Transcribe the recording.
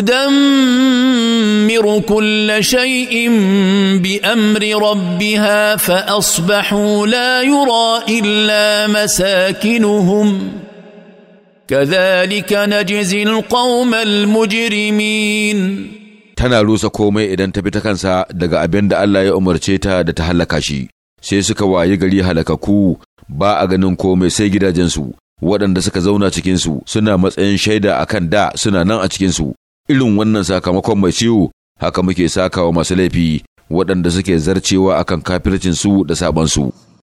تدمر كل شيء بامر ربها فاصبحوا لا يرى الا مساكنهم كذلك نجزي القوم المجرمين tana rusa komai idan ta fi ta kansa daga abin da Allah ya umarce ta da ta halaka shi sai suka wayi gari halakaku ba a ganin komai sai gidajensu waɗanda suka zauna cikinsu suna matsayin shaida a kan da suna nan a cikinsu irin wannan sakamakon mai ciwo haka muke sakawa masu laifi waɗanda suke zarcewa akan kafircin su da sabansu.